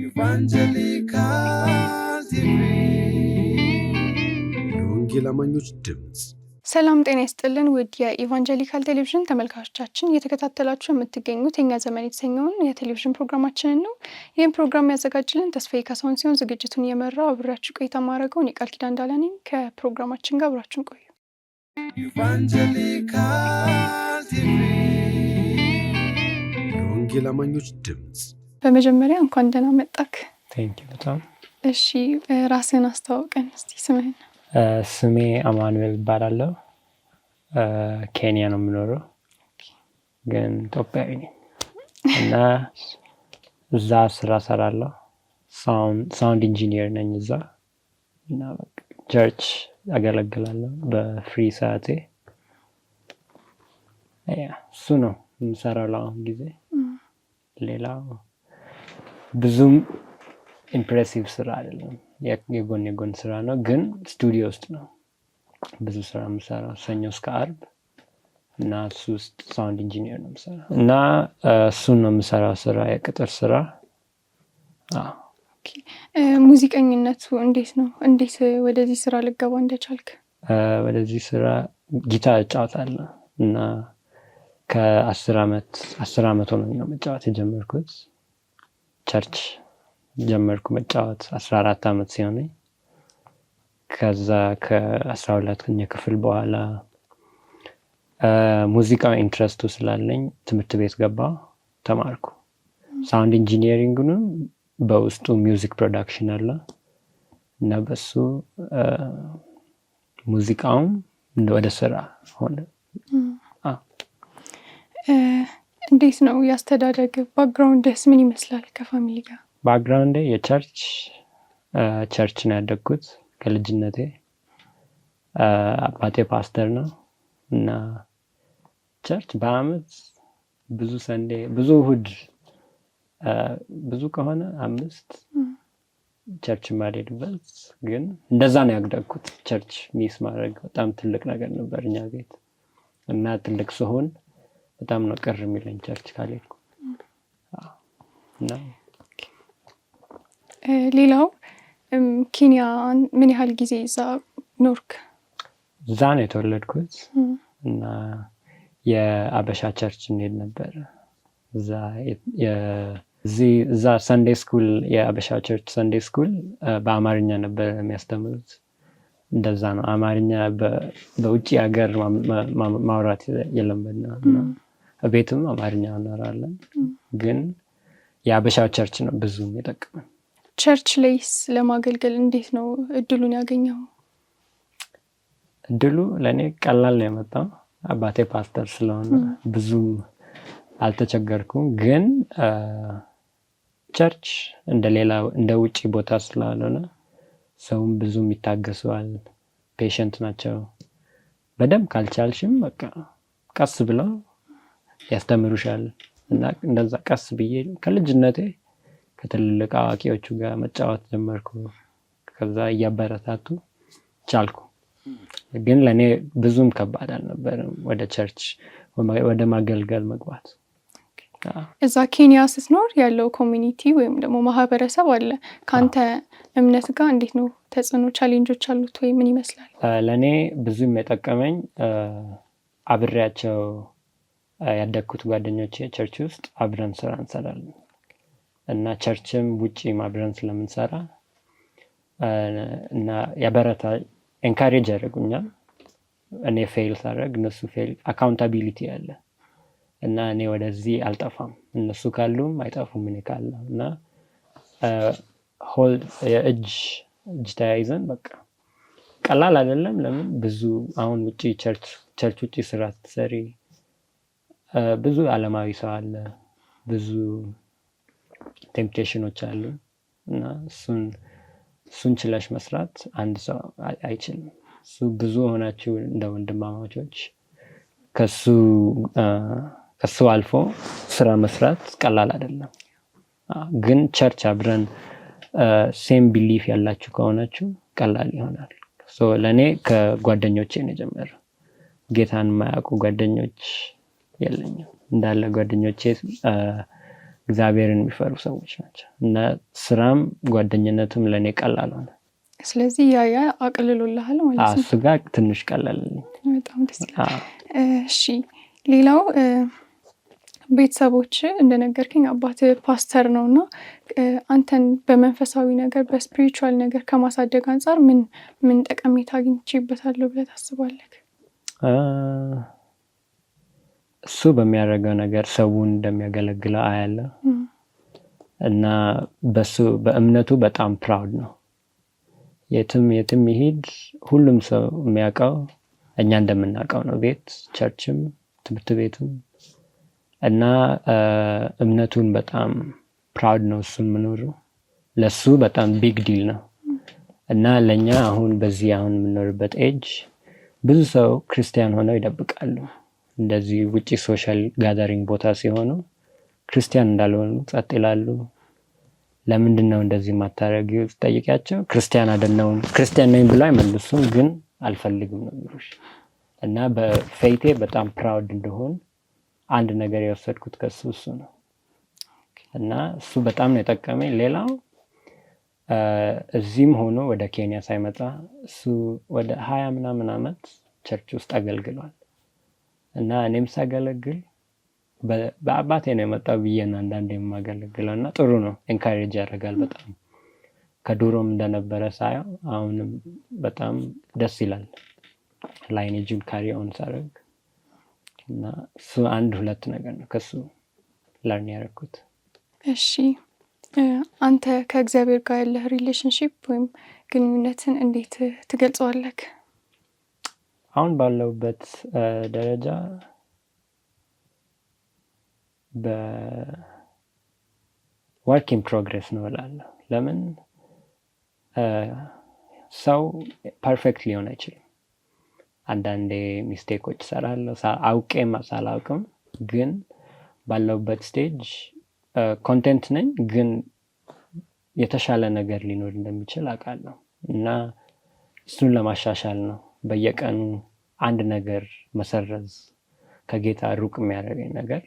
የወንጌል አማኞች ድምፅ። ሰላም ጤና ይስጥልን ውድ የኢቫንጀሊካል ቴሌቪዥን ተመልካቾቻችን እየተከታተላችሁ የምትገኙት የኛ ዘመን የተሰኘውን የቴሌቪዥን ፕሮግራማችንን ነው። ይህም ፕሮግራም ያዘጋጅልን ተስፋዬ ካሳሁን ሲሆን ዝግጅቱን የመራ አብራችሁ ቆይታ ማድረገውን የቃል ኪዳን እንዳለኔም ከፕሮግራማችን ጋር አብራችሁን ቆዩ። ኢቫንጀሊካል ቲቪ የወንጌል አማኞች ድምፅ በመጀመሪያ እንኳን ደህና መጣክ። በጣም እሺ፣ ራስህን አስተዋውቀን እስኪ ስምህን። ስሜ አማኑኤል እባላለሁ። ኬንያ ነው የምኖረው፣ ግን ኢትዮጵያዊ ነኝ እና እዛ ስራ ሰራለሁ። ሳውንድ ኢንጂኒየር ነኝ እዛ እና ቸርች አገለግላለሁ በፍሪ ሰዓቴ። እሱ ነው የምሰራው ለአሁን ጊዜ ሌላ ብዙም ኢምፕሬሲቭ ስራ አይደለም። የጎን የጎን ስራ ነው፣ ግን ስቱዲዮ ውስጥ ነው ብዙ ስራ ምሰራ ሰኞ እስከ አርብ እና እሱ ውስጥ ሳውንድ ኢንጂኒር ነው የምሰራው እና እሱን ነው የምሰራው ስራ የቅጥር ስራ። ሙዚቀኝነቱ እንዴት ነው? እንዴት ወደዚህ ስራ ልገባ እንደቻልክ? ወደዚህ ስራ ጊታር እጫወታለ እና ከአስር አመት አስር አመት ሆነ ነው መጫወት የጀመርኩት ቸርች ጀመርኩ መጫወት አስራ አራት አመት ሲሆነኝ ከዛ ከአስራ ሁለተኛ ክፍል በኋላ ሙዚቃ ኢንትረስቱ ስላለኝ ትምህርት ቤት ገባ ተማርኩ። ሳውንድ ኢንጂኒየሪንግንም በውስጡ ሚውዚክ ፕሮዳክሽን አለ እና በሱ ሙዚቃውም ወደ ስራ ሆነ። እንዴት ነው ያስተዳደግ ባክግራውንድስ ምን ይመስላል? ከፋሚሊ ጋር ባክግራውንድ የቸርች ቸርች ነው ያደግኩት ከልጅነቴ። አባቴ ፓስተር ነው እና ቸርች በአመት ብዙ ሰንዴ ብዙ እሁድ ብዙ ከሆነ አምስት ቸርች የማልሄድበት ግን እንደዛ ነው ያደግኩት። ቸርች ሚስ ማድረግ በጣም ትልቅ ነገር ነበር እኛ ቤት እና ትልቅ ስሆን በጣም ነው ቅር የሚለኝ ቸርች ካልሄድኩ። ሌላው ኬንያ ምን ያህል ጊዜ እዛ ኖርክ? እዛ ነው የተወለድኩት እና የአበሻ ቸርች እንሄድ ነበር። እዛ ሰንዴ ስኩል የአበሻ ቸርች ሰንዴ ስኩል በአማርኛ ነበር የሚያስተምሩት። እንደዛ ነው አማርኛ በውጭ ሀገር ማውራት ነው ቤትም አማርኛ እናወራለን፣ ግን የአበሻ ቸርች ነው ብዙም የጠቀመን። ቸርች ላይስ ለማገልገል እንዴት ነው እድሉን ያገኘው? እድሉ ለእኔ ቀላል ነው የመጣው። አባቴ ፓስተር ስለሆነ ብዙ አልተቸገርኩም። ግን ቸርች እንደሌላ እንደ ውጭ ቦታ ስላልሆነ ሰውም ብዙም ይታገሰዋል። ፔሸንት ናቸው። በደንብ ካልቻልሽም በቃ ቀስ ብለው ያስተምሩሻል እና እንደዛ ቀስ ብዬ ከልጅነቴ ከትልልቅ አዋቂዎቹ ጋር መጫወት ጀመርኩ። ከዛ እያበረታቱ ቻልኩ። ግን ለእኔ ብዙም ከባድ አልነበርም ወደ ቸርች ወደ ማገልገል መግባት። እዛ ኬንያ ስትኖር ያለው ኮሚኒቲ ወይም ደግሞ ማህበረሰብ አለ ከአንተ እምነት ጋር እንዴት ነው ተጽዕኖ፣ ቻሌንጆች አሉት ወይ ምን ይመስላል? ለእኔ ብዙም የጠቀመኝ አብሬያቸው ያደግኩት ጓደኞች ቸርች ውስጥ አብረን ስራ እንሰራለን እና ቸርችም ውጭ አብረን ስለምንሰራ እና የበረታ ኤንካሬጅ ያደርጉኛል። እኔ ፌል ሳደርግ እነሱ ፌል አካውንታቢሊቲ አለ እና እኔ ወደዚህ አልጠፋም፣ እነሱ ካሉም አይጠፉም እኔ ካለ እና ሆል የእጅ እጅ ተያይዘን በቃ ቀላል አይደለም። ለምን ብዙ አሁን ውጭ ቸርች ውጭ ስራ ትሰሪ ብዙ አለማዊ ሰው አለ፣ ብዙ ቴምፕቴሽኖች አሉ እና እሱን እሱን ችለሽ መስራት አንድ ሰው አይችልም። እሱ ብዙ ሆናችሁ እንደ ወንድማማቾች ከሱ አልፎ ስራ መስራት ቀላል አይደለም። ግን ቸርች አብረን ሴም ቢሊፍ ያላችሁ ከሆናችሁ ቀላል ይሆናል። ለእኔ ከጓደኞቼ ነው የጀመረው። ጌታን የማያውቁ ጓደኞች የለኝም። እንዳለ ጓደኞቼ እግዚአብሔርን የሚፈሩ ሰዎች ናቸው እና ስራም ጓደኝነትም ለእኔ ቀላል ሆነ። ስለዚህ ያ ያ አቅልሎልሃል ማለት ነው። እሱ ጋር ትንሽ ቀለልልኝ። በጣም ደስ ይላል። እሺ ሌላው ቤተሰቦች እንደነገርከኝ አባት ፓስተር ነው እና አንተን በመንፈሳዊ ነገር በስፒሪቹዋል ነገር ከማሳደግ አንጻር ምን ምን ጠቀሜታ አግኝቼበታለሁ ብለህ ታስባለህ? እሱ በሚያደርገው ነገር ሰውን እንደሚያገለግለው አያለ እና በሱ በእምነቱ በጣም ፕራውድ ነው። የትም የትም ይሄድ ሁሉም ሰው የሚያውቀው እኛ እንደምናውቀው ነው። ቤት፣ ቸርችም፣ ትምህርት ቤትም እና እምነቱን በጣም ፕራውድ ነው እሱ የምኖሩ ለሱ በጣም ቢግ ዲል ነው እና ለእኛ አሁን በዚህ አሁን የምኖርበት ኤጅ ብዙ ሰው ክርስቲያን ሆነው ይደብቃሉ። እንደዚህ ውጭ ሶሻል ጋዘሪንግ ቦታ ሲሆኑ ክርስቲያን እንዳልሆኑ ጸጥ ይላሉ። ለምንድን ነው እንደዚህ ማታረግ ስጠይቂያቸው ክርስቲያን አይደለሁም ክርስቲያን ነኝ ብሎ አይመልሱም፣ ግን አልፈልግም ነው እና በፌቴ በጣም ፕራውድ እንደሆን አንድ ነገር የወሰድኩት ከሱ እሱ ነው እና እሱ በጣም ነው የጠቀመኝ። ሌላው እዚህም ሆኖ ወደ ኬንያ ሳይመጣ እሱ ወደ ሀያ ምናምን ዓመት ቸርች ውስጥ አገልግሏል። እና እኔም ሳገለግል በአባቴ ነው የመጣው ብዬ ነው አንዳንድ የማገለግለው እና ጥሩ ነው። ኤንካሬጅ ያደርጋል በጣም ከዱሮም እንደነበረ ሳየው አሁንም በጣም ደስ ይላል። ላይኔጅም ካሪ ኦን ሳደርግ እና እሱ አንድ ሁለት ነገር ነው ከሱ ለርን ያደረግኩት። እሺ አንተ ከእግዚአብሔር ጋር ያለህ ሪሌሽንሽፕ ወይም ግንኙነትን እንዴት ትገልጸዋለህ? አሁን ባለውበት ደረጃ በወርክ ፕሮግረስ ነው እላለሁ። ለምን ሰው ፐርፌክት ሊሆን አይችልም። አንዳንዴ ሚስቴኮች ይሰራለሁ አውቄም ሳላውቅም፣ ግን ባለውበት ስቴጅ ኮንቴንት ነኝ፣ ግን የተሻለ ነገር ሊኖር እንደሚችል አውቃለሁ እና እሱን ለማሻሻል ነው በየቀኑ አንድ ነገር መሰረዝ ከጌታ ሩቅ የሚያደርገኝ ነገር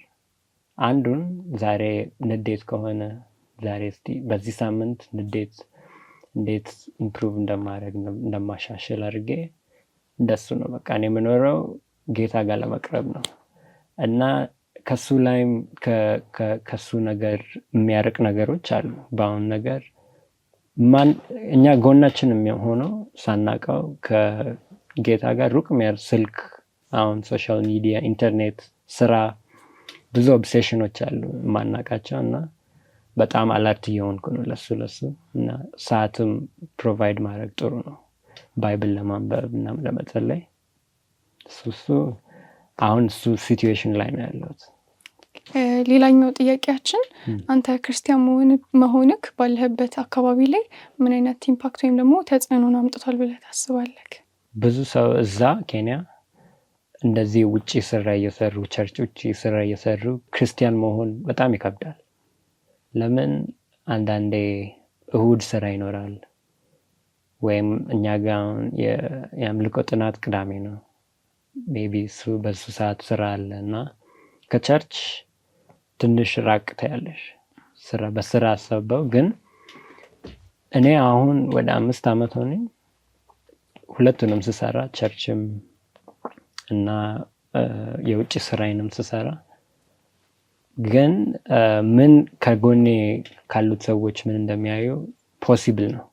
አንዱን ዛሬ ንዴት ከሆነ ዛሬ እስቲ በዚህ ሳምንት ንዴት እንዴት ኢምፕሩቭ እንደማድረግ እንደማሻሽል አድርጌ እንደሱ ነው በቃ እኔ የምኖረው ጌታ ጋር ለመቅረብ ነው እና ከሱ ላይም ከሱ ነገር የሚያርቅ ነገሮች አሉ። በአሁን ነገር እኛ ጎናችን የሚሆነው ሳናቀው ጌታ ጋር ሩቅ ሚያር ስልክ፣ አሁን ሶሻል ሚዲያ፣ ኢንተርኔት፣ ስራ ብዙ ኦብሴሽኖች አሉ ማናቃቸው እና በጣም አላርት እየሆንኩ ነው ለሱ ለሱ እና ሰዓትም ፕሮቫይድ ማድረግ ጥሩ ነው። ባይብል ለማንበብ እና ለመጸለይ እሱ አሁን እሱ ሲትዌሽን ላይ ነው ያለት። ሌላኛው ጥያቄያችን አንተ ክርስቲያን መሆንክ ባለህበት አካባቢ ላይ ምን አይነት ኢምፓክት ወይም ደግሞ ተጽዕኖን አምጥቷል ብለ ታስባለክ ብዙ ሰው እዛ ኬንያ እንደዚህ ውጭ ስራ እየሰሩ ቸርች ውጭ ስራ እየሰሩ ክርስቲያን መሆን በጣም ይከብዳል። ለምን አንዳንዴ እሁድ ስራ ይኖራል፣ ወይም እኛ ጋ የአምልኮ ጥናት ቅዳሜ ነው። ሜቢ እሱ በሱ ሰዓት ስራ አለ እና ከቸርች ትንሽ ራቅተ ያለሽ ስራ በስራ አሰበው ግን እኔ አሁን ወደ አምስት ዓመት ሆነኝ ሁለቱንም ስሰራ ቸርችም እና የውጭ ስራይንም ስሰራ ግን ምን ከጎኔ ካሉት ሰዎች ምን እንደሚያዩ ፖሲብል ነው።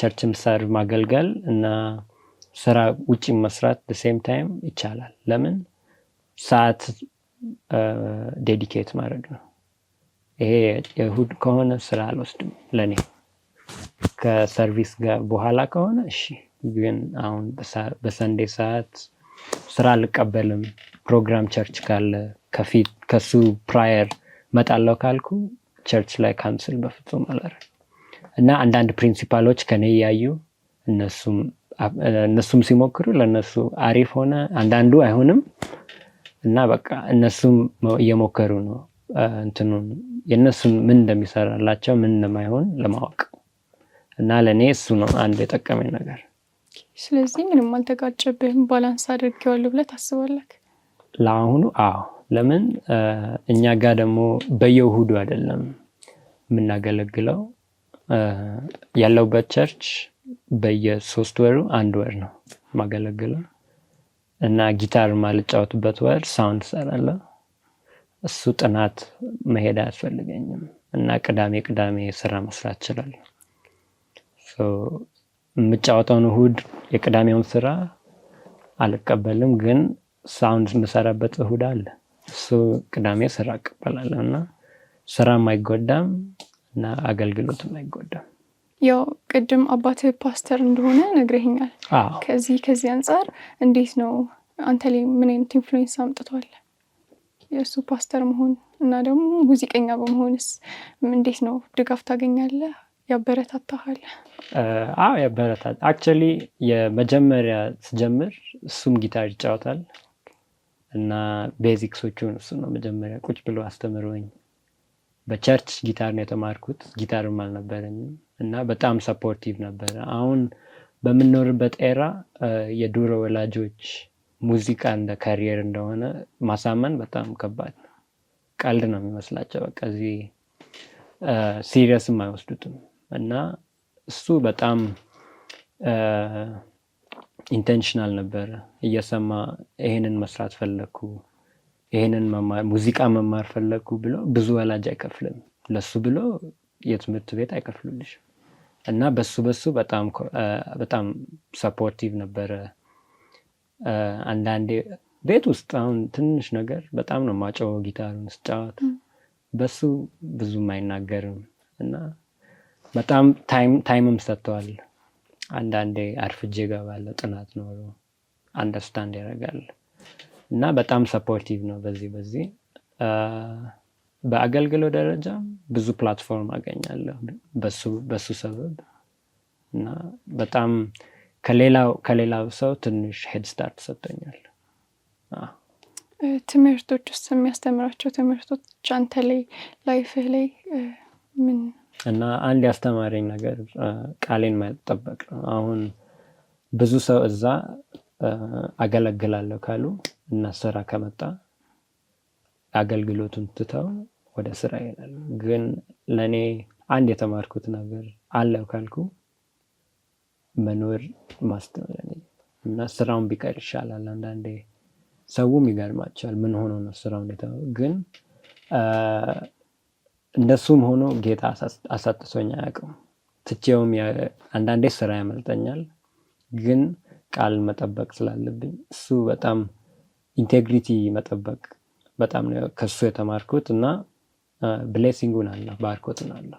ቸርችም ሰር ማገልገል እና ስራ ውጭ መስራት ሴም ታይም ይቻላል። ለምን ሰዓት ዴዲኬት ማድረግ ነው። ይሄ የእሁድ ከሆነ ስራ አልወስድም። ለእኔ ከሰርቪስ ጋር በኋላ ከሆነ እሺ ግን አሁን በሰንዴ ሰዓት ስራ አልቀበልም። ፕሮግራም ቸርች ካለ ከፊት ከሱ ፕራየር መጣለው ካልኩ ቸርች ላይ ካንስል በፍጹም አላረግም። እና አንዳንድ ፕሪንሲፓሎች ከኔ እያዩ እነሱም ሲሞክሩ ለእነሱ አሪፍ ሆነ፣ አንዳንዱ አይሆንም እና በቃ እነሱም እየሞከሩ ነው እንትኑን የእነሱን ምን እንደሚሰራላቸው ምን እንደማይሆን ለማወቅ እና ለእኔ እሱ ነው አንድ የጠቀመኝ ነገር። ስለዚህ ምንም አልተጋጨብህም፣ ባላንስ አድርጌዋለሁ ብለህ ታስባለህ? ለአሁኑ አዎ። ለምን እኛ ጋር ደግሞ በየእሁዱ አይደለም የምናገለግለው። ያለውበት ቸርች በየሶስት ወሩ አንድ ወር ነው ማገለግለው እና ጊታር ማልጫወትበት ወር ሳውንድ ሰራለሁ። እሱ ጥናት መሄድ አያስፈልገኝም እና ቅዳሜ ቅዳሜ ስራ መስራት እችላለሁ። የምጫወተውን እሁድ የቅዳሜውን ስራ አልቀበልም፣ ግን ሳውንድ የምሰራበት እሁድ አለ። እሱ ቅዳሜ ስራ እቀበላለሁ እና ስራም አይጎዳም እና አገልግሎትም አይጎዳም። ያው ቅድም አባትህ ፓስተር እንደሆነ ነግረኛል? ከዚህ ከዚህ አንጻር እንዴት ነው አንተ ላይ ምን አይነት ኢንፍሉዌንስ አምጥቷል የእሱ ፓስተር መሆን እና ደግሞ ሙዚቀኛ በመሆንስ እንዴት ነው ድጋፍ ታገኛለህ? ያበረታታል? አዎ ያበረታታ። አክቹዋሊ የመጀመሪያ ስጀምር እሱም ጊታር ይጫወታል እና ቤዚክሶቹን እሱ ነው መጀመሪያ ቁጭ ብሎ አስተምሮኝ። በቸርች ጊታር ነው የተማርኩት፣ ጊታርም አልነበረኝም እና በጣም ሰፖርቲቭ ነበረ። አሁን በምንኖርበት ኤራ የድሮ ወላጆች ሙዚቃ እንደ ካሪየር እንደሆነ ማሳመን በጣም ከባድ ነው። ቀልድ ነው የሚመስላቸው። በቃ እዚህ ሲሪየስም አይወስዱትም። እና እሱ በጣም ኢንቴንሽናል ነበረ። እየሰማ ይሄንን መስራት ፈለግኩ፣ ይሄንን ሙዚቃ መማር ፈለግኩ ብሎ ብዙ ወላጅ አይከፍልም። ለሱ ብሎ የትምህርት ቤት አይከፍሉልሽ እና በሱ በሱ በጣም ሰፖርቲቭ ነበረ። አንዳንዴ ቤት ውስጥ አሁን ትንሽ ነገር በጣም ነው ማጨው ጊታሩን ስጫወት በሱ ብዙም አይናገርም እና በጣም ታይምም ሰጥተዋል። አንዳንዴ አርፍጄ እገባለሁ። ጥናት ነው አንደርስታንድ ያደርጋል እና በጣም ሰፖርቲቭ ነው። በዚህ በዚህ በአገልግሎት ደረጃ ብዙ ፕላትፎርም አገኛለሁ በሱ ሰበብ እና በጣም ከሌላው ሰው ትንሽ ሄድ ስታርት ትምህርቶች ውስጥ የሚያስተምራቸው ትምህርቶች አንተ ላይ ላይፍህ ላይ ምን እና አንድ ያስተማረኝ ነገር ቃሌን መጠበቅ ነው። አሁን ብዙ ሰው እዛ አገለግላለሁ ካሉ እና ስራ ከመጣ አገልግሎቱን ትተው ወደ ስራ ይላሉ። ግን ለእኔ አንድ የተማርኩት ነገር አለው ካልኩ መኖር ማስተምረን እና ስራውን ቢቀር ይሻላል። አንዳንዴ ሰውም ይገርማቸዋል ምን ሆኖ ነው ስራውን የተው ግን እንደሱም ሆኖ ጌታ አሳጥቶኝ አያውቅም። ትቼውም አንዳንዴ ስራ ያመልጠኛል፣ ግን ቃል መጠበቅ ስላለብኝ እሱ በጣም ኢንቴግሪቲ መጠበቅ በጣም ከሱ የተማርኩት እና ብሌሲንጉን አለ ባርኮትን አለ።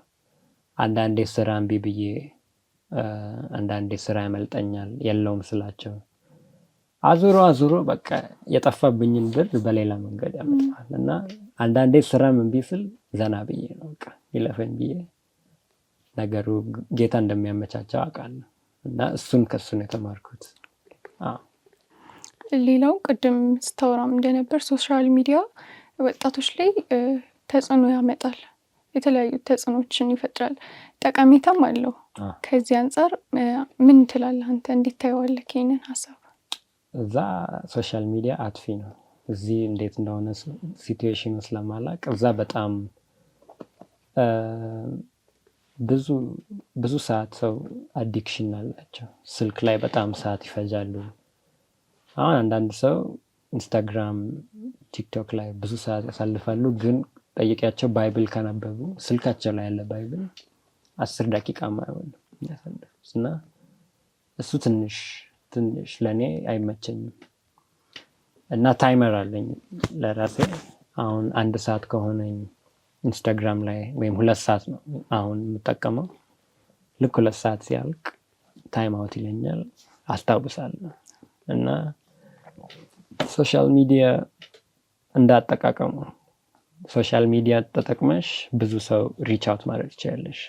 አንዳንዴ ስራ እምቢ ብዬ አንዳንዴ ስራ ያመልጠኛል የለውም ስላቸው አዙሮ አዙሮ በቃ የጠፋብኝን ብር በሌላ መንገድ ያመጣል እና አንዳንዴ ስራም እምቢ ስል ዘና ብዬ ነው በቃ ይለፈኝ ብዬ ነገሩ ጌታ እንደሚያመቻቸው አውቃለሁ እና እሱን ከሱ ነው የተማርኩት። ሌላው ቅድም ስታወራም እንደነበር ሶሻል ሚዲያ ወጣቶች ላይ ተጽዕኖ ያመጣል፣ የተለያዩ ተጽዕኖችን ይፈጥራል፣ ጠቀሜታም አለው። ከዚህ አንጻር ምን ትላለ አንተ? እንዴት ታየዋለህ ይህንን ሀሳብ? እዛ ሶሻል ሚዲያ አጥፊ ነው፣ እዚህ እንዴት እንደሆነ ሲትዌሽኑ ስለማላቅ እዛ በጣም ብዙ ብዙ ሰዓት ሰው አዲክሽን አላቸው። ስልክ ላይ በጣም ሰዓት ይፈጃሉ። አሁን አንዳንድ ሰው ኢንስታግራም፣ ቲክቶክ ላይ ብዙ ሰዓት ያሳልፋሉ። ግን ጠየቂያቸው ባይብል ከነበቡ ስልካቸው ላይ ያለ ባይብል አስር ደቂቃ ማይሆን እና እሱ ትንሽ ትንሽ ለእኔ አይመቸኝም እና ታይመር አለኝ ለራሴ አሁን አንድ ሰዓት ከሆነኝ ኢንስታግራም ላይ ወይም ሁለት ሰዓት ነው አሁን የምጠቀመው። ልክ ሁለት ሰዓት ሲያልቅ ታይም አውት ይለኛል አስታውሳለሁ። እና ሶሻል ሚዲያ እንዳጠቃቀሙ ሶሻል ሚዲያ ተጠቅመሽ ብዙ ሰው ሪች አውት ማድረግ ትችላለሽ።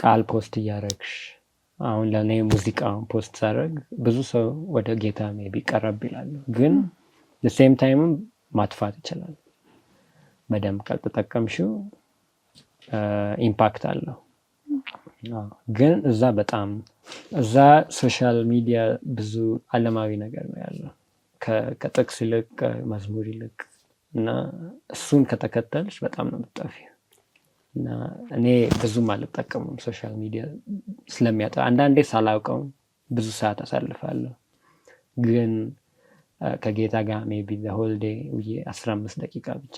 ቃል ፖስት እያደረግሽ አሁን ለእኔ ሙዚቃ ፖስት ሳደረግ ብዙ ሰው ወደ ጌታ ቢ ቀረብ ይላሉ፣ ግን ሴም ታይምም ማጥፋት ይችላል። በደንብ ካልተጠቀምሽው ኢምፓክት አለው። ግን እዛ በጣም እዛ ሶሻል ሚዲያ ብዙ አለማዊ ነገር ነው ያለው ከጥቅስ ይልቅ ከመዝሙር ይልቅ እና እሱን ከተከተልሽ በጣም ነው ምጠፊ እና እኔ ብዙም አልጠቀሙም ሶሻል ሚዲያ ስለሚያጠ አንዳንዴ ሳላውቀውም ብዙ ሰዓት አሳልፋለሁ። ግን ከጌታ ጋር ሜቢ ቢ ዘ ውዬ አስራ አምስት ደቂቃ ብቻ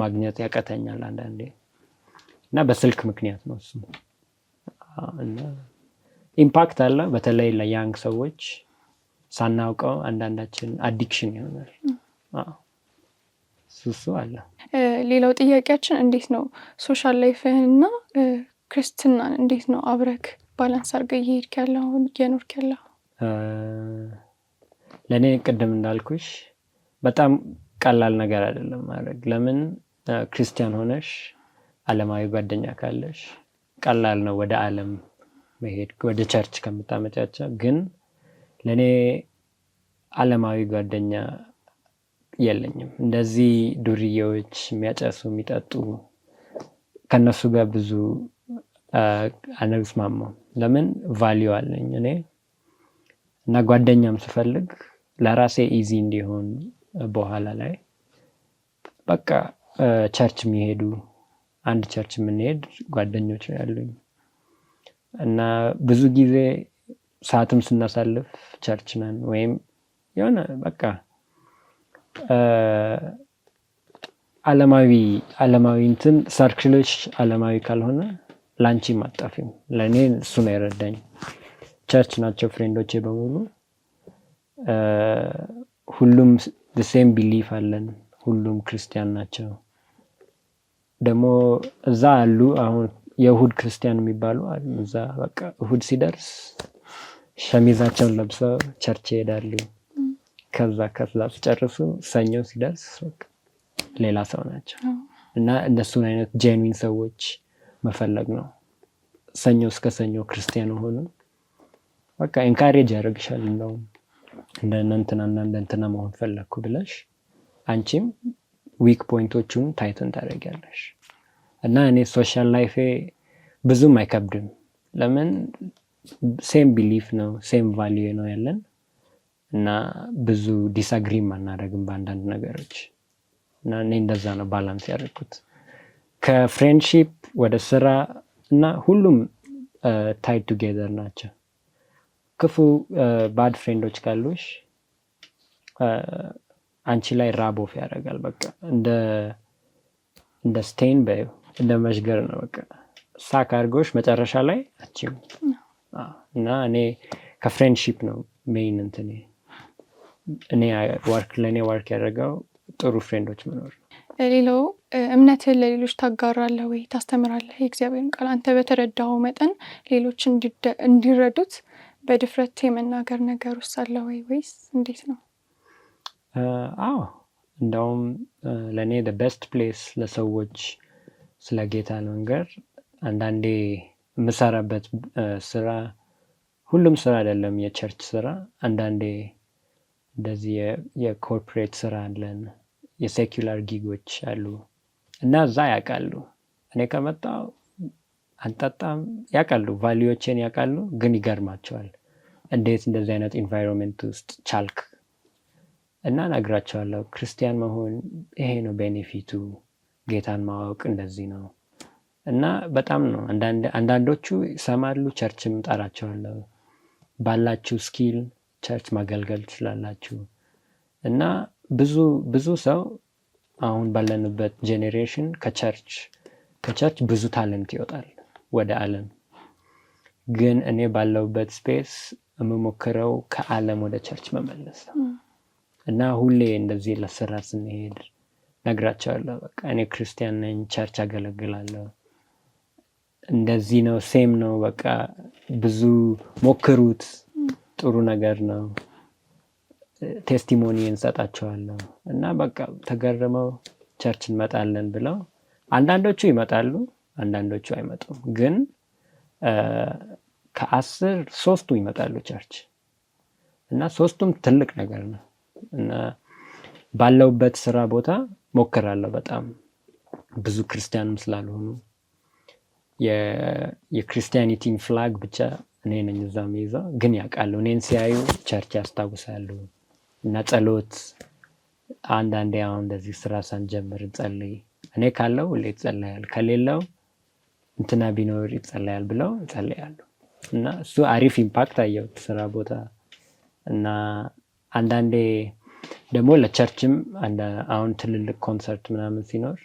ማግኘት ያቀተኛል አንዳንዴ እና በስልክ ምክንያት ነው እሱ። ኢምፓክት አለ በተለይ ለያንግ ሰዎች ሳናውቀው አንዳንዳችን አዲክሽን ይሆናል። ሱሱ አለ። ሌላው ጥያቄያችን እንዴት ነው ሶሻል ላይፍህንና ክርስትናን እንዴት ነው አብረክ ባላንስ አርገ እየሄድክ ያለው እየኖርክ ያለው? ለእኔ ቅድም እንዳልኩሽ በጣም ቀላል ነገር አይደለም ማድረግ። ለምን ክርስቲያን ሆነሽ አለማዊ ጓደኛ ካለሽ ቀላል ነው ወደ አለም መሄድ ወደ ቸርች ከምታመጫቸው። ግን ለእኔ አለማዊ ጓደኛ የለኝም። እንደዚህ ዱርዬዎች የሚያጨሱ የሚጠጡ ከነሱ ጋር ብዙ አነግስማማም። ለምን ቫሊዩ አለኝ እኔ እና ጓደኛም ስፈልግ ለራሴ ኢዚ እንዲሆን በኋላ ላይ በቃ ቸርች የሚሄዱ አንድ ቸርች የምንሄድ ጓደኞች ያሉኝ እና ብዙ ጊዜ ሰዓትም ስናሳልፍ ቸርች ነን ወይም የሆነ በቃ አለማዊ አለማዊ እንትን ሰርክሎች አለማዊ ካልሆነ ላንቺ ማጣፊም ለእኔ እሱ ነው የረዳኝ። ቸርች ናቸው ፍሬንዶቼ በሙሉ ሁሉም ሴም ቢሊፍ አለን። ሁሉም ክርስቲያን ናቸው። ደግሞ እዛ አሉ። አሁን የእሁድ ክርስቲያን የሚባሉ እዛ በቃ እሁድ ሲደርስ ሸሚዛቸውን ለብሰው ቸርች ይሄዳሉ። ከዛ ከዛ ሲጨርሱ ሰኞ ሲደርስ ሌላ ሰው ናቸው እና እነሱን አይነት ጄንዊን ሰዎች መፈለግ ነው። ሰኞ እስከ ሰኞ ክርስቲያን ሆኑ። በቃ ኤንካሬጅ ያደርግሻል እንደውም እንደነ እንትናና እንትና መሆን ፈለግኩ ብለሽ አንቺም ዊክ ፖይንቶቹን ታይትን ታደረጊያለሽ እና እኔ ሶሻል ላይፌ ብዙም አይከብድም። ለምን ሴም ቢሊፍ ነው ሴም ቫሊዩ ነው ያለን እና ብዙ ዲስአግሪም አናደርግም በአንዳንድ ነገሮች እና እኔ እንደዛ ነው ባላንስ ያደርኩት ከፍሬንድሺፕ ወደ ስራ እና ሁሉም ታይድ uh, ቱጌዘር ናቸው። ክፉ ባድ ፍሬንዶች ካሉሽ አንቺ ላይ ራቦፍ ያደርጋል። በቃ እንደ እንደ ስቴን በ እንደ መሽገር ነው። በቃ ሳክ አድርጎሽ መጨረሻ ላይ አቺው እና እኔ ከፍሬንድሺፕ ነው ሜይን እንትን እኔ ዋርክ ለእኔ ዋርክ ያደረገው ጥሩ ፍሬንዶች መኖር ነው። ሌላው እምነትህን ለሌሎች ታጋራለህ ወይ ታስተምራለህ? የእግዚአብሔርን ቃል አንተ በተረዳኸው መጠን ሌሎች እንዲረዱት በድፍረት የመናገር ነገር ውስጥ አለ ወይ ወይስ እንዴት ነው? አዎ እንደውም ለእኔ በስት ፕሌስ ለሰዎች ስለ ጌታ መንገር አንዳንዴ የምሰራበት ስራ ሁሉም ስራ አይደለም፣ የቸርች ስራ አንዳንዴ እንደዚህ የኮርፖሬት ስራ አለን፣ የሴኪላር ጊጎች አሉ እና እዛ ያውቃሉ። እኔ ከመጣው አንጠጣም ያውቃሉ፣ ቫሊዎችን ያውቃሉ፣ ግን ይገርማቸዋል እንዴት እንደዚህ አይነት ኢንቫይሮንመንት ውስጥ ቻልክ? እና እነግራቸዋለሁ ክርስቲያን መሆን ይሄ ነው ቤኔፊቱ፣ ጌታን ማወቅ እንደዚህ ነው። እና በጣም ነው አንዳንዶቹ ይሰማሉ። ቸርችም ጠራቸዋለሁ፣ ባላችሁ ስኪል ቸርች ማገልገል ትችላላችሁ። እና ብዙ ብዙ ሰው አሁን ባለንበት ጄኔሬሽን ከቸርች ከቸርች ብዙ ታለንት ይወጣል ወደ አለም። ግን እኔ ባለውበት ስፔስ የምሞክረው ከአለም ወደ ቸርች መመለስ ነው እና ሁሌ እንደዚህ ለስራት ስንሄድ ነግራቸዋለሁ። በቃ እኔ ክርስቲያን ነኝ፣ ቸርች አገለግላለሁ፣ እንደዚህ ነው፣ ሴም ነው፣ በቃ ብዙ ሞክሩት፣ ጥሩ ነገር ነው። ቴስቲሞኒ እንሰጣቸዋለሁ እና በቃ ተገርመው ቸርች እንመጣለን ብለው አንዳንዶቹ ይመጣሉ፣ አንዳንዶቹ አይመጡም ግን ከአስር ሶስቱ ይመጣሉ ቸርች እና ሶስቱም ትልቅ ነገር ነው እና ባለውበት ስራ ቦታ ሞክራለሁ። በጣም ብዙ ክርስቲያንም ስላልሆኑ የክርስቲያኒቲን ፍላግ ብቻ እኔ ነኝ እዛ ይዘው ግን ያውቃሉ። እኔን ሲያዩ ቸርች ያስታውሳሉ እና ጸሎት አንዳንዴ አሁን እንደዚህ ስራ ሳንጀምር ጸልይ እኔ ካለው ሁሌ ይጸለያል ከሌለው እንትና ቢኖር ይጸለያል ብለው ይጸለያሉ። እና እሱ አሪፍ ኢምፓክት አየሁት ስራ ቦታ እና አንዳንዴ ደግሞ ለቸርችም አሁን ትልልቅ ኮንሰርት ምናምን ሲኖር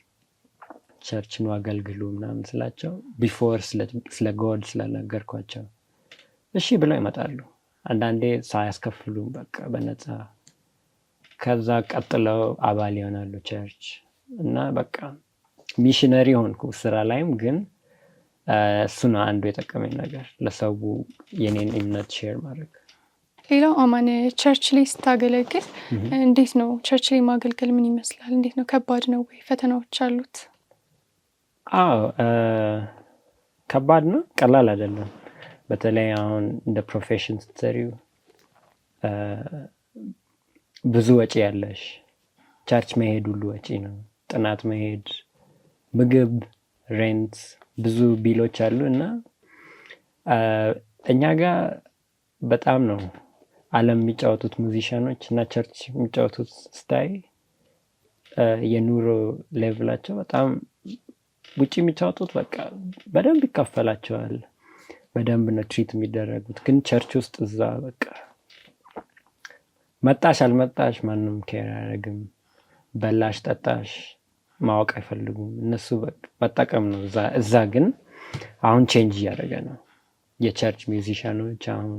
ቸርችን አገልግሉ ምናምን ስላቸው ቢፎር ስለ ጎድ ስለነገርኳቸው እሺ ብለው ይመጣሉ። አንዳንዴ ሳያስከፍሉም በቃ በነፃ ከዛ ቀጥለው አባል ይሆናሉ ቸርች እና በቃ ሚሽነሪ ሆንኩ ስራ ላይም ግን እሱ ነው አንዱ የጠቀመኝ ነገር ለሰው የኔን እምነት ሼር ማድረግ። ሌላው አማን ቸርች ላይ ስታገለግል እንዴት ነው? ቸርች ላይ ማገልገል ምን ይመስላል? እንዴት ነው? ከባድ ነው ወይ? ፈተናዎች አሉት? አዎ ከባድ ነው፣ ቀላል አይደለም። በተለይ አሁን እንደ ፕሮፌሽን ስትሰሪው ብዙ ወጪ ያለሽ፣ ቸርች መሄድ ሁሉ ወጪ ነው። ጥናት መሄድ፣ ምግብ፣ ሬንት ብዙ ቢሎች አሉ እና እኛ ጋር በጣም ነው አለም የሚጫወቱት ሙዚሽያኖች እና ቸርች የሚጫወቱት ስታይ የኑሮ ሌቭላቸው በጣም ውጭ የሚጫወቱት በቃ በደንብ ይካፈላቸዋል። በደንብ ነው ትሪት የሚደረጉት። ግን ቸርች ውስጥ እዛ በቃ መጣሽ አልመጣሽ ማንም ኬር አያደርግም። በላሽ ጠጣሽ ማወቅ አይፈልጉም። እነሱ መጠቀም ነው። እዛ ግን አሁን ቼንጅ እያደረገ ነው። የቸርች ሚውዚሻኖች አሁን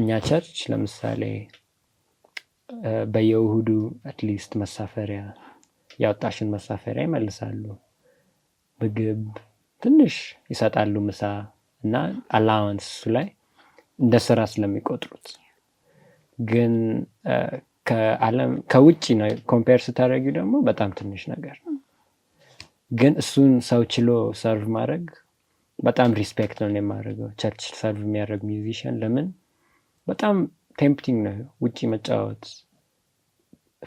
እኛ ቸርች ለምሳሌ በየውሁዱ አትሊስት መሳፈሪያ ያወጣሽን መሳፈሪያ ይመልሳሉ። ምግብ ትንሽ ይሰጣሉ፣ ምሳ እና አላዋንስ እሱ ላይ እንደ ስራ ስለሚቆጥሩት ግን ከዓለም ከውጭ ነው ኮምፔር ስታደረጊ ደግሞ በጣም ትንሽ ነገር ግን እሱን ሰው ችሎ ሰርቭ ማድረግ በጣም ሪስፔክት ነው የማድረገው ቸርች ሰርቭ የሚያደረግ ሚዚሽን ለምን በጣም ቴምፕቲንግ ነው። ውጭ መጫወት፣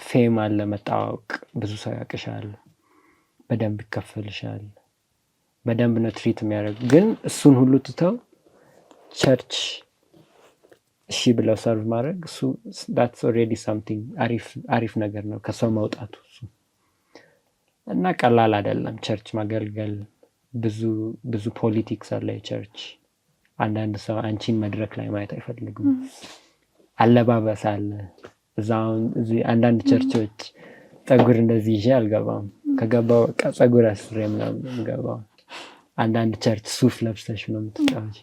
ፌም አለ፣ መጣወቅ ብዙ ሰው ያቅሻል፣ በደንብ ይከፈልሻል፣ በደንብ ነው ትሪት የሚያደርግ ግን እሱን ሁሉ ትተው ቸርች እሺ ብለው ሰርቭ ማድረግ እሱ ዳትስ ኦልሬዲ ሳምቲንግ አሪፍ ነገር ነው ከሰው መውጣቱ እሱ እና ቀላል አይደለም። ቸርች ማገልገል ብዙ ፖሊቲክስ አለ የቸርች። አንዳንድ ሰው አንቺን መድረክ ላይ ማየት አይፈልግም። አለባበስ አለ እዛ። አንዳንድ ቸርቾች ፀጉር እንደዚህ ይዤ አልገባም፣ ከገባው በቃ አስሬ ምናምን ገባው። አንዳንድ ቸርች ሱፍ ለብሰሽ ነው የምትጫወች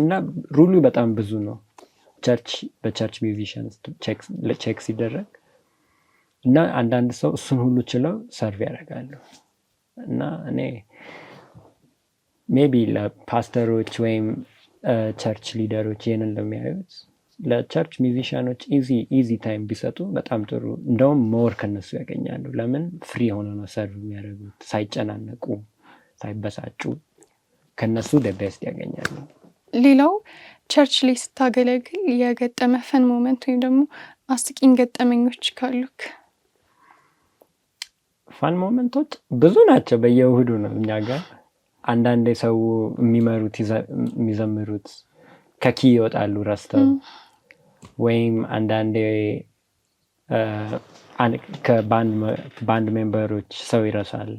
እና ሩሉ በጣም ብዙ ነው። ቸርች በቸርች ሚውዚሽንስ ቼክ ሲደረግ እና አንዳንድ ሰው እሱን ሁሉ ችለው ሰርቭ ያደርጋሉ እና እኔ ሜቢ ለፓስተሮች ወይም ቸርች ሊደሮች ይህንን ለሚያዩት ለቸርች ሚዚሽያኖች ኢዚ ኢዚ ታይም ቢሰጡ በጣም ጥሩ። እንደውም መወር ከነሱ ያገኛሉ። ለምን ፍሪ የሆነ ነው ሰርቭ የሚያደርጉት፣ ሳይጨናነቁ፣ ሳይበሳጩ ከነሱ ደቤስት ያገኛሉ። ሌላው ቸርች ላይ ስታገለግል የገጠመ ፈን ሞመንት ወይም ደግሞ አስቂኝ ገጠመኞች ካሉክ? ፋን ሞመንቶች ብዙ ናቸው። በየእሁዱ ነው እኛ ጋር። አንዳንዴ ሰው የሚመሩት የሚዘምሩት ከኪ ይወጣሉ ረስተው፣ ወይም አንዳንዴ ከባንድ ሜምበሮች ሰው ይረሳል፣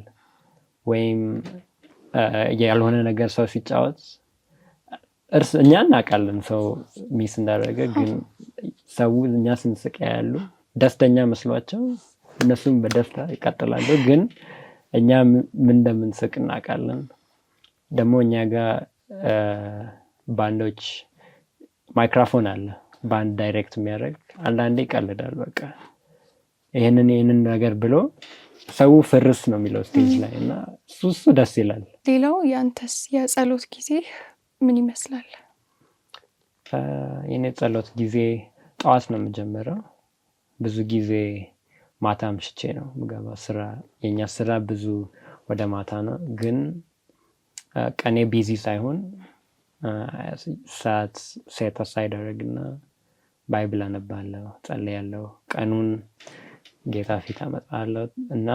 ወይም ያልሆነ ነገር ሰው ሲጫወት እርስ እኛ እናውቃለን ሰው ሚስ እንዳደረገ ግን ሰው እኛ ስንስቅ ያሉ ደስተኛ መስሏቸው እነሱም በደስታ ይቀጥላሉ። ግን እኛ ምን እንደምንስቅ እናውቃለን። ደግሞ እኛ ጋር ባንዶች ማይክራፎን አለ፣ ባንድ ዳይሬክት የሚያደርግ አንዳንዴ ይቀልዳል። በቃ ይህንን ይህንን ነገር ብሎ ሰው ፍርስ ነው የሚለው ስቴጅ ላይ እና እሱ እሱ ደስ ይላል። ሌላው የአንተስ የጸሎት ጊዜ ምን ይመስላል? የኔ ጸሎት ጊዜ ጠዋት ነው የምጀምረው። ብዙ ጊዜ ማታ ምሽቼ ነው ምገባ። ስራ የእኛ ስራ ብዙ ወደ ማታ ነው፣ ግን ቀኔ ቢዚ ሳይሆን ሰዓት ሴት ሳይደረግና ባይብል አነባለሁ፣ ጸልያለሁ፣ ቀኑን ጌታ ፊት አመጣለሁ እና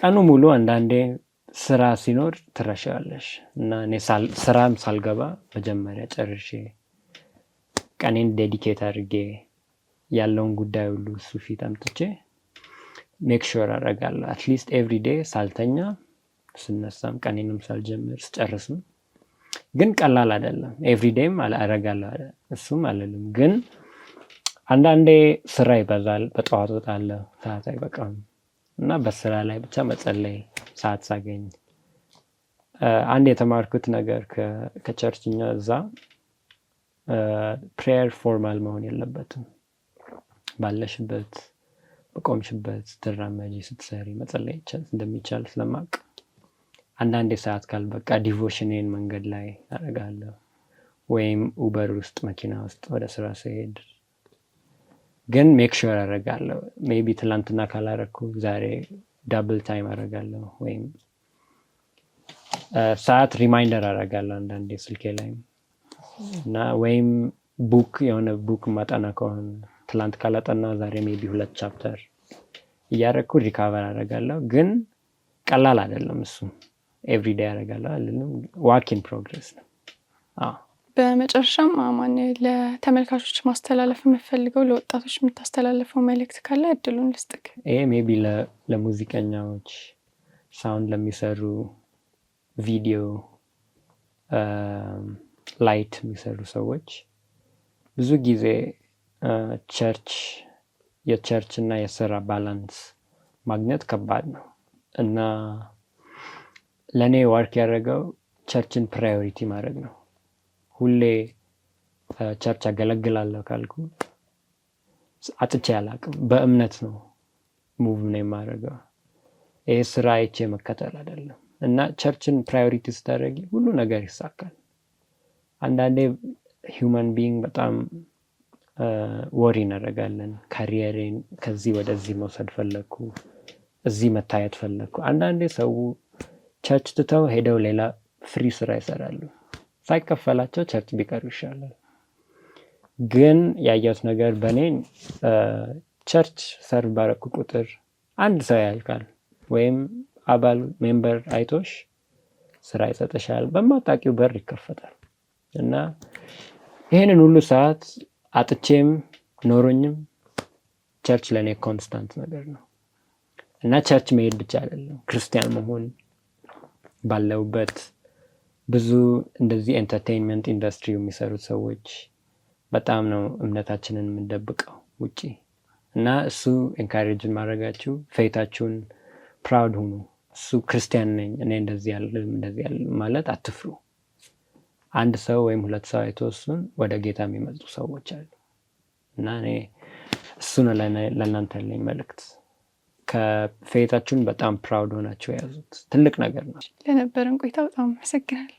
ቀኑ ሙሉ አንዳንዴ ስራ ሲኖር ትረሻለሽ እና እኔ ስራም ሳልገባ መጀመሪያ ጨርሼ ቀኔን ዴዲኬት አድርጌ ያለውን ጉዳይ ሁሉ እሱ ፊት አምጥቼ ሜክ ሹር አደርጋለሁ። አትሊስት ኤቭሪ ዴ ሳልተኛ ስነሳም ቀኔንም ሳልጀምር ስጨርስም፣ ግን ቀላል አይደለም። ኤቭሪ ዴም አረጋለሁ እሱም አለልም፣ ግን አንዳንዴ ስራ ይበዛል። በጠዋት ወጣለሁ። ሰዓት አይበቃም። እና በስራ ላይ ብቻ መጸለይ ሰዓት ሳገኝ። አንድ የተማርኩት ነገር ከቸርችኛ እዛ ፕሬየር ፎርማል መሆን የለበትም። ባለሽበት በቆምሽበት ስትራመጂ፣ ስትሰሪ መጸለይ እንደሚቻል ስለማቅ አንዳንዴ ሰዓት በቃ ዲቮሽኔን መንገድ ላይ አረጋለሁ ወይም ኡበር ውስጥ መኪና ውስጥ ወደ ስራ ስሄድ ግን ሜክ ሹር አደርጋለሁ። ቢ ትላንትና ካላረግኩ ዛሬ ዳብል ታይም አረጋለሁ ወይም ሰዓት ሪማይንደር አረጋለሁ አንዳንዴ ስልኬ ላይ እና ወይም ቡክ የሆነ ቡክ ማጠና ከሆነ ትላንት ካላጠና ዛሬ ሜይ ቢ ሁለት ቻፕተር እያረግኩ ሪካቨር አረጋለሁ ግን ቀላል አይደለም እሱ ኤቭሪዴይ አደርጋለሁ አልልም። ዋኪን ኢን ፕሮግረስ ነው። በመጨረሻም አማን ለተመልካቾች ማስተላለፍ የምፈልገው ለወጣቶች የምታስተላለፈው መልእክት ካለ እድሉን ልስጥክ። ይሄ ሜቢ ለሙዚቀኛዎች፣ ሳውንድ ለሚሰሩ፣ ቪዲዮ ላይት የሚሰሩ ሰዎች ብዙ ጊዜ ቸርች የቸርች እና የስራ ባላንስ ማግኘት ከባድ ነው እና ለእኔ ወርክ ያደረገው ቸርችን ፕራዮሪቲ ማድረግ ነው ሁሌ ቸርች ያገለግላለሁ ካልኩ አጥቼ አላቅም። በእምነት ነው ሙቭ ነው የማደርገው። ይሄ ስራ አይቼ መከተል አይደለም እና ቸርችን ፕራዮሪቲ ስታደርጊ ሁሉ ነገር ይሳካል። አንዳንዴ ሂውማን ቢይንግ በጣም ወሪ እናደርጋለን። ካሪየሬን ከዚህ ወደዚህ መውሰድ ፈለግኩ፣ እዚህ መታየት ፈለግኩ። አንዳንዴ ሰው ቸርች ትተው ሄደው ሌላ ፍሪ ስራ ይሰራሉ። ሳይከፈላቸው ቸርች ቢቀሩ ይሻላል። ግን ያየሁት ነገር በእኔ ቸርች ሰርቭ ባረኩ ቁጥር አንድ ሰው ያልካል ወይም አባል ሜምበር አይቶሽ ስራ ይሰጥሻል፣ በማታውቂው በር ይከፈታል እና ይህንን ሁሉ ሰዓት አጥቼም ኖሮኝም ቸርች ለእኔ ኮንስታንት ነገር ነው እና ቸርች መሄድ ብቻ አይደለም ክርስቲያን መሆን ባለውበት ብዙ እንደዚህ ኤንተርቴንመንት ኢንዱስትሪ የሚሰሩት ሰዎች በጣም ነው እምነታችንን የምንደብቀው ውጪ እና እሱ ኤንካሬጅን ማድረጋችሁ ፌታችሁን ፕራውድ ሁኑ። እሱ ክርስቲያን ነኝ እኔ እንደዚህ ያለ እንደዚህ ያለ ማለት አትፍሩ። አንድ ሰው ወይም ሁለት ሰው አይቶ እሱን ወደ ጌታ የሚመጡ ሰዎች አሉ እና እኔ እሱ ነው ለእናንተ ያለኝ መልእክት። ከፌታችሁን በጣም ፕራውድ ሆናቸው የያዙት ትልቅ ነገር ነው። ለነበረን ቆይታ በጣም አመሰግናለሁ።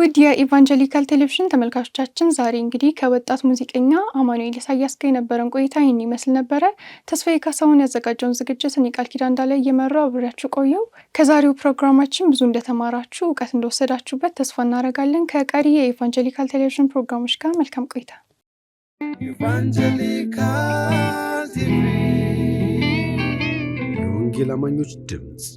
ውድ የኢቫንጀሊካል ቴሌቪዥን ተመልካቾቻችን ዛሬ እንግዲህ ከወጣት ሙዚቀኛ አማኑኤል ኢሳያስ ጋር የነበረን ቆይታ ይህን ይመስል ነበረ። ተስፋዬ ካሳሁን ያዘጋጀውን ዝግጅት እኔ ቃል ኪዳን እንዳለ እየመራው አብሬያችሁ ቆየው። ከዛሬው ፕሮግራማችን ብዙ እንደተማራችሁ እውቀት እንደወሰዳችሁበት ተስፋ እናደርጋለን። ከቀሪ የኢቫንጀሊካል ቴሌቪዥን ፕሮግራሞች ጋር መልካም ቆይታ። ኢቫንጀሊካል ቲቪ የወንጌል አማኞች ድምፅ